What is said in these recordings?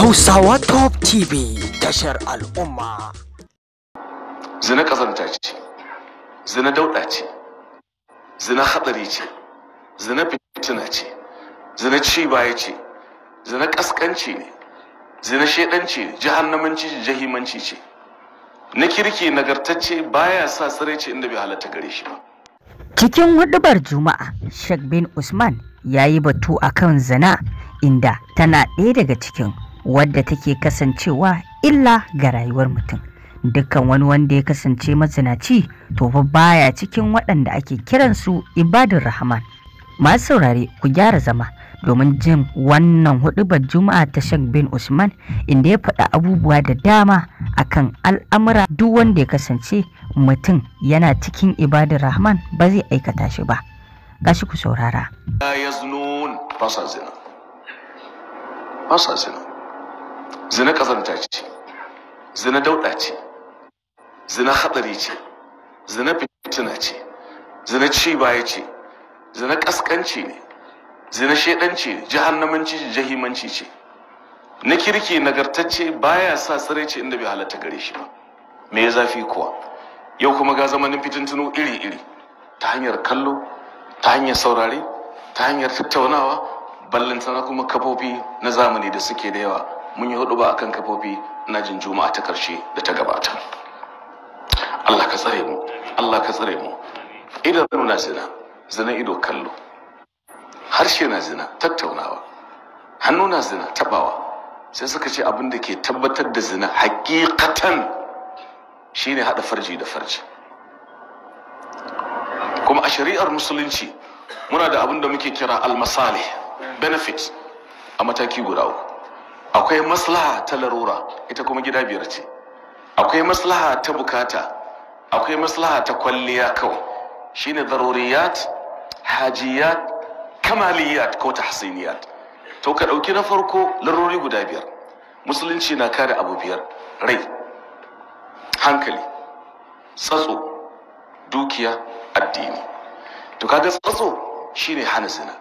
Hausawa Top TV tashar al'umma. Zina ƙazanta ce, zina dauɗa ce, zina haɗari ce, zina fitina ce, zina ci baya ce, zina ƙasƙanci ne, zina shaidanci ne, jahannamanci ce, jahimanci ce. Na kirki nagartacce baya sa tsirai ce inda bai halatta gare shi ba. Cikin hudubar Juma'a, Sheikh bin Usman ya yi batu akan zina inda tana ɗaya daga cikin wadda take kasancewa illa ga rayuwar mutum dukkan wani wanda ya kasance mazinaci to fa baya cikin waɗanda ake kiransu ibadin rahman masu saurare ku gyara zama domin jin wannan hudubar juma'a ta Sheikh bin Usman inda ya faɗa abubuwa da dama akan al'amura duk wanda ya kasance mutum yana cikin ibadar Rahman ba zai aikata shi ba gashi ku saurara ya yaznun fasa zina ƙazanta ce zina dauɗa ce zina haɗari ce zina fitina ce zina ci baya ce zina ƙasƙanci ne zina shaidanci ne jahannamanci ce jahimanci ce na kirki nagartacce baya sa tsare ce inda bai halatta gare shi ba me ya zafi kuwa yau kuma ga zamanin fitintuno iri-iri ta hanyar kallo ta hanyar saurare ta hanyar tattaunawa ballantana kuma kafofi na zamani da suke da yawa mun yi hudu ba a kan kafofi na jin juma'a ta ƙarshe da ta gabata Allah ka tsare mu Allah ka tsare mu Idan na zina zina ido kallo harshe na zina tattaunawa hannu na zina tabawa sai suka ce abin da ke tabbatar da zina hakikatan shine hada farji da farji kuma a shari'ar musulunci muna da abin da muke kira almasali benefit a mataki guda uku akwai maslaha ta larura ita kuma gida biyar ce akwai maslaha ta bukata akwai maslaha ta kwalliya kawai shine zaruriyat hajiyat kamaliyat ko tahsiniyat to ka ɗauki na farko larurori guda biyar musulunci na kare abu biyar rai hankali tsatso dukiya addini to kaga tsatso shine hana zina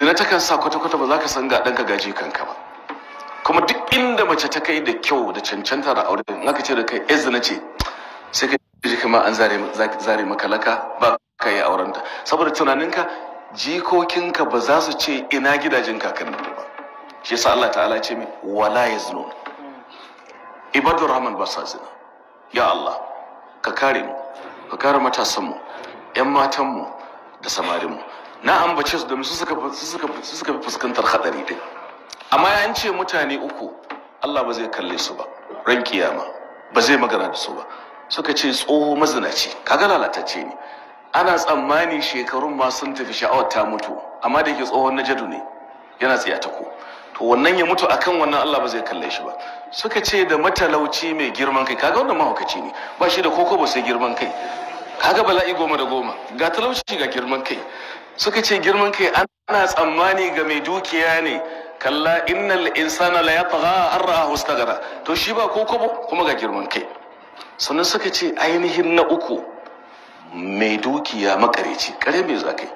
zina takan sa kwata-kwata ba za ka san ga ɗanka gaje kanka ba kuma duk inda mace ta kai da kyau da cancanta da aure in aka ce da kai ezda na ce sai ka ji kamar an zare maka ba ka yi aurenta saboda tunaninka jikokinka ba za su ce ina gidajen kakannin ba shi yasa Allah ta'ala ce mai wala yaznun Ibadun rahman ba sa zina ya Allah ka kare mu ka kare matasanmu yan matanmu da samarinmu na ambace su domin su suka fi fuskantar hadari dai. amma ya ce mutane uku Allah ba zai kalle su ba ran kiyama ba zai magana da su ba suka ce tsoho mazinaci kaga lalatacce ne ana tsammani shekarun ma sun tafi sha'awar ta mutu amma da yake tsohon na jadu ne yana tsaye ta ko to wannan ya mutu akan wannan Allah ba zai kalle shi ba suka ce da matalauci mai girman kai kaga wannan mahaukaci ne ba shi da koko ba sai girman kai kaga bala'i goma da goma ga talauci ga girman kai suka ce girman kai ana tsammani ga mai dukiya ne kalla innal insana la yatgha an ra'ahu istaghra to shi ba ko kobo kuma ga girman kai sannan suka ce ainihin na uku mai dukiya makareci kare mai za kai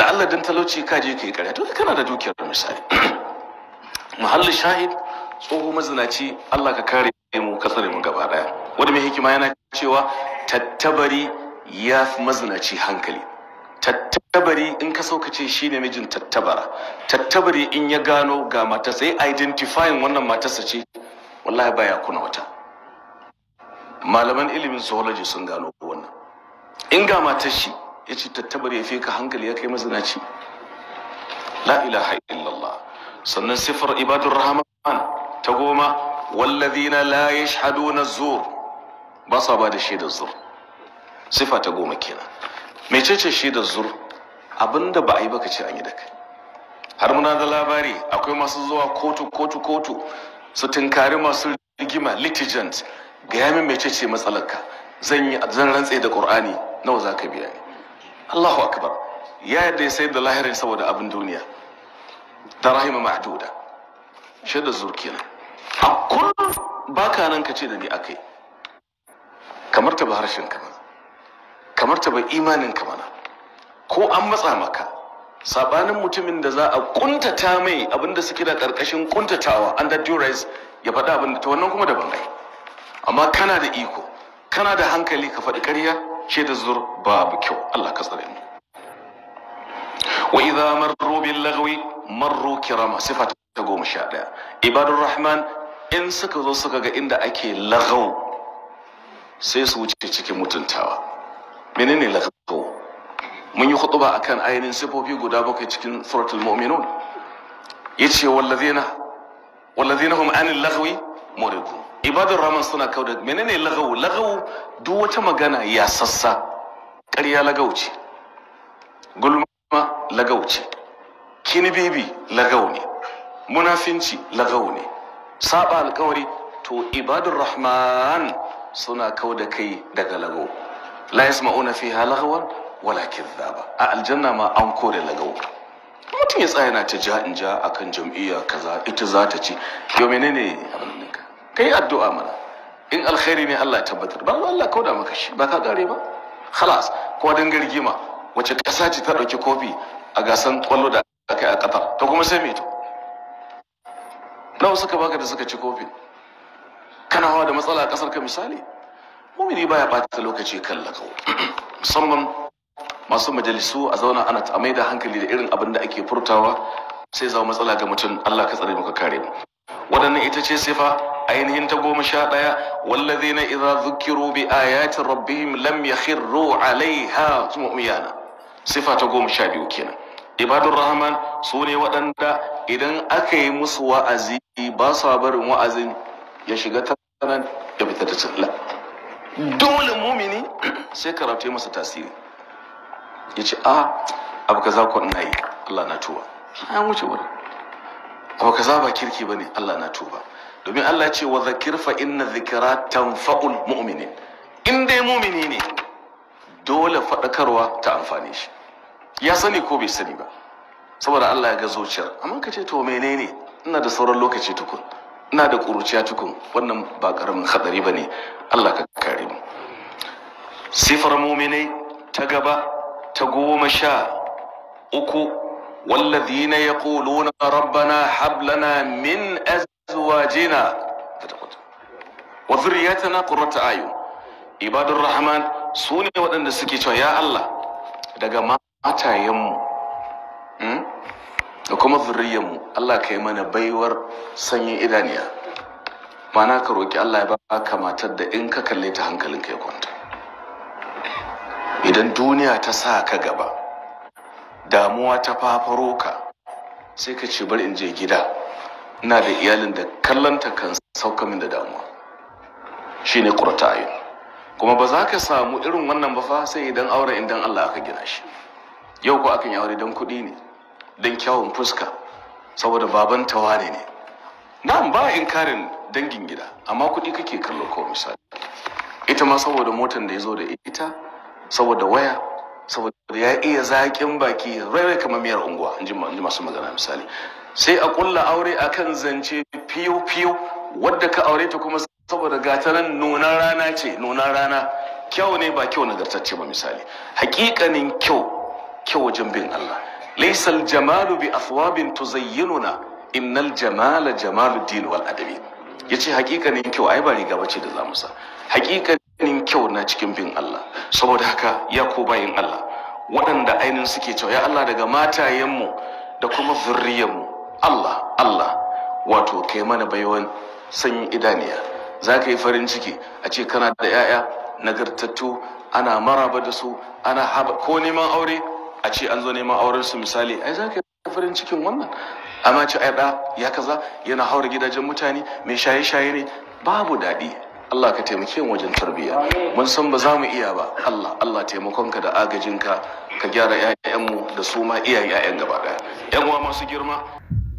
la'alla dan talauci ka je kai kare to kana da dukiyar misali Muhallin shahid tsoho mazinaci Allah ka kare mu ka tsare mu gaba daya wani mai hikima yana cewa tattabari ya fi mazinaci hankali tattabari in ka sauka ce shi ne mijin tattabara tattabari in ya gano ga matarsa ya identifying wannan matarsa ce wallahi baya kuna wata malaman ilimin zoology sun gano wannan in ga matar shi ya ce tattabari ya fi ka hankali ya kai mazinaci la ilaha illallah sannan sifar ibadur rahman ta goma walladina la yashhaduna zur ba sa ba da shaidar zur sifa ta goma kenan mecece shi da zur abinda ba a yi baka ce an yi da kai har muna da labari akwai masu zuwa kotu kotu kotu su tinkari masu rigima litigant ga yami mecece matsalarka zan yi zan rantse da qur'ani nawa za biya ni Allahu akbar ya yadda ya sayar da lahirin saboda abin duniya ta rahima ma'duda shi da zur kenan a kullum baka nan ka ce da ni akai kamar ta ba harshen kamar kamar ta bai imanin ka mana ko an matsa maka sabanin mutumin da za a kuntata mai abinda suke da karkashin kuntatawa under duress ya faɗa abinda ta wannan kuma daban ai amma kana da iko kana da hankali ka faɗi ƙarya ce da zur babu kyau Allah ka tsare mu wa idza marru bil lagwi marru kirama sifa ta goma sha ɗaya ibadur rahman in suka zo suka ga inda ake lagau sai su wuce cikin mutuntawa menene lakato mun yi a akan ainihin sifofi guda bakwai cikin suratul mu'minun yace wallazina wallazina hum anil lagwi muridu ibadar rahman suna kauda menene lagawu lagawu duk wata magana ya sassa ƙarya lagawu ce gulma lagawu ce kinibibi lagawu ne munafinci lagawu ne saba alkawari to ibadar rahman suna da kai daga lagawu la yasma'una fiha lagwan wala kidhaba a aljanna ma an kore lagawo mutum ya tsaya yana ta ja in ja akan jam'iyya kaza ita za ta ci yau menene abin Ka yi addu'a mana in alkhairi ne Allah ya tabbatar ba Allah kauda maka shi ba ka gare ba khalas ko dan gargima wace kasa ce ta dauki kofi a gasan kwallo da aka yi a Qatar to kuma sai me to nawa suka baka da suka ci kofi kana hawa da matsala a kasar ka misali mumini baya bata lokaci kan lakau musamman masu majalisu a zauna ana ta da hankali da irin abin da ake furtawa sai zama matsala ga mutum Allah ka tsare maka kare mu waɗannan ita ce sifa ainihin ta goma sha ɗaya wallazina idza zukiru bi ayati rabbihim lam yakhirru alaiha mu'miyana sifa ta goma sha biyu kenan ibadur rahman su ne waɗanda idan aka yi musu wa'azi ba sa barin wa'azin ya shiga tanan ya fita dole mumini sai karatu ya masa tasiri ya ce a ah, abu za ku ina yi Allah na tuba ya wuce wurin abu za ba kirki bane Allah na tuba domin Allah ce wa zakir fa inna zikra tanfa'ul mu'minin in dai mumini ne dole faɗakarwa ta amfani shi ya sani ko bai sani ba saboda Allah ya ga zuciyar amma ka ce to menene ina da sauran lokaci tukun ina da ƙuruciya tukun wannan ba ƙaramin haɗari ba ne Allah ka sifar muminai ta gaba ta goma sha uku wallazina yaquluna rabbana hab lana min azwajina wa dhurriyyatina qurrata ayun ibadur rahman ne waɗanda suke cewa ya Allah daga matayenmu hmm, da kuma zurriyanmu Allah ka yi mana baiwar sanyin idaniya na ka roƙi Allah ya ba ka matar da in ka kalle ta hankalinka ya kwanta idan duniya ta sa ka gaba damuwa ta fafaro ka sai ka ce bari in je gida ina da iyalin da kallanta kan sauka min da damuwa shine qurta kuma ba za ka samu irin wannan ba fa sai idan aure idan Allah aka gina shi yau ko akan yi aure don kuɗi ne don kyawun fuska saboda baban tawane ne na'am ba inkarin dangin gida amma kuɗi kake kallo ko misali ita ma saboda motar da ya zo da ita saboda waya saboda ya iya zaƙin baki rai-rai kamar miyar unguwa in ji masu magana misali sai a ƙulla aure a kan zance fiyo fiyo wadda ka aure ta kuma saboda gatanan nuna rana ce nuna rana kyau ne ba kyau nagartacce ba misali hakikanin kyau kyau wajen bin Allah laisal jamalu bi athwabin tuzayyinuna innal jamala jamalu din wal adabi yace hakikanin kyau ai ba riga bace da zamu sa hakikanin kyau na cikin bin Allah saboda haka ya ko bayin Allah waɗanda ainihin suke cewa ya Allah daga matayenmu da kuma zurriyanmu Allah Allah wato kai mana baiwan sanyin idaniya za ka yi farin ciki a ce kana da 'ya'ya nagartattu ana maraba da su ana haba ko neman aure a ce an zo neman auren su misali ai za ka yi farin cikin wannan amma ce ai ya kaza yana haura gidajen mutane mai shaye-shaye ne babu daɗi Allah ka taimake mu wajen tarbiyya mun san ba za mu iya ba Allah Allah taimakonka da agajinka ka gyara ƴaƴanmu da su ma iyaye ƴaƴan gaba ɗaya ƴan uwa masu girma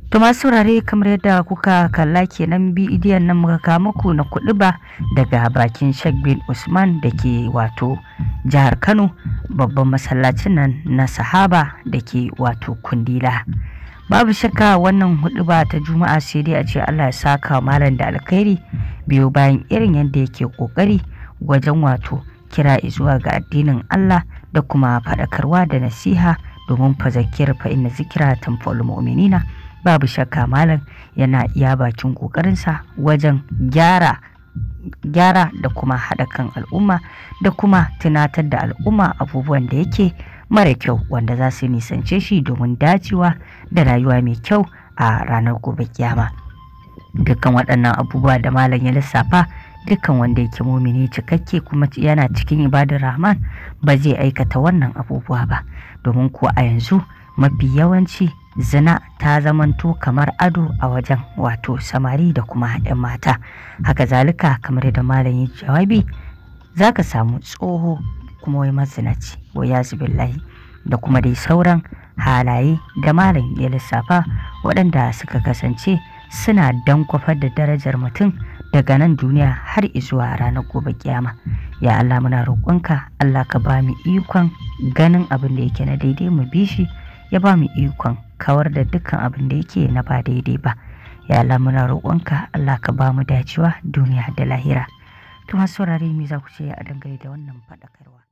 to masu saurare kamar yadda kuka kalla kenan bidiyon nan muka ga muku na kuɗi ba daga bakin Sheikh bin Usman da ke wato jihar Kano babban masallacin nan na Sahaba da ke wato Kundila babu shakka wannan hudu ba ta juma'a sai dai a ce allah ya saka malam da alkhairi biyu bayan irin yadda yake kokari wajen wato kira zuwa ga addinin allah da kuma faɗakarwa da nasiha domin fazakir fa inna zikira tamfol mu'minina babu shakka malam yana iya bakin kokarinsa wajen gyara gyara da kuma haɗa kan al'umma da kuma tunatar da al'umma abubuwan da yake mara kyau wanda za su nisance shi domin dacewa da rayuwa mai kyau a ranar gobe kiyama dukkan waɗannan abubuwa da malam ya lissafa dukkan wanda yake mumini cikakke kuma yana cikin ibadar rahman ba zai aikata wannan abubuwa ba domin ko a yanzu mafi yawanci zina ta zamanto kamar ado a wajen wato samari da kuma 'yan mata haka zalika kamar da malam ya jawabi za ka samu tsoho kuma wai mazinaci wa billahi da kuma dai sauran halaye da malam ya lissafa waɗanda suka kasance suna dankwafar da darajar mutum daga nan duniya har izuwa ranar gobe kiyama ya Allah muna roƙonka Allah ka ba mu ikon ganin abin da yake na daidai mu bi shi ya ba mu ikon kawar da dukkan abin da yake na ba daidai ba ya Allah muna roƙonka Allah ka ba mu dacewa duniya da lahira to saurare me za ku ce a dangane da wannan faɗakarwa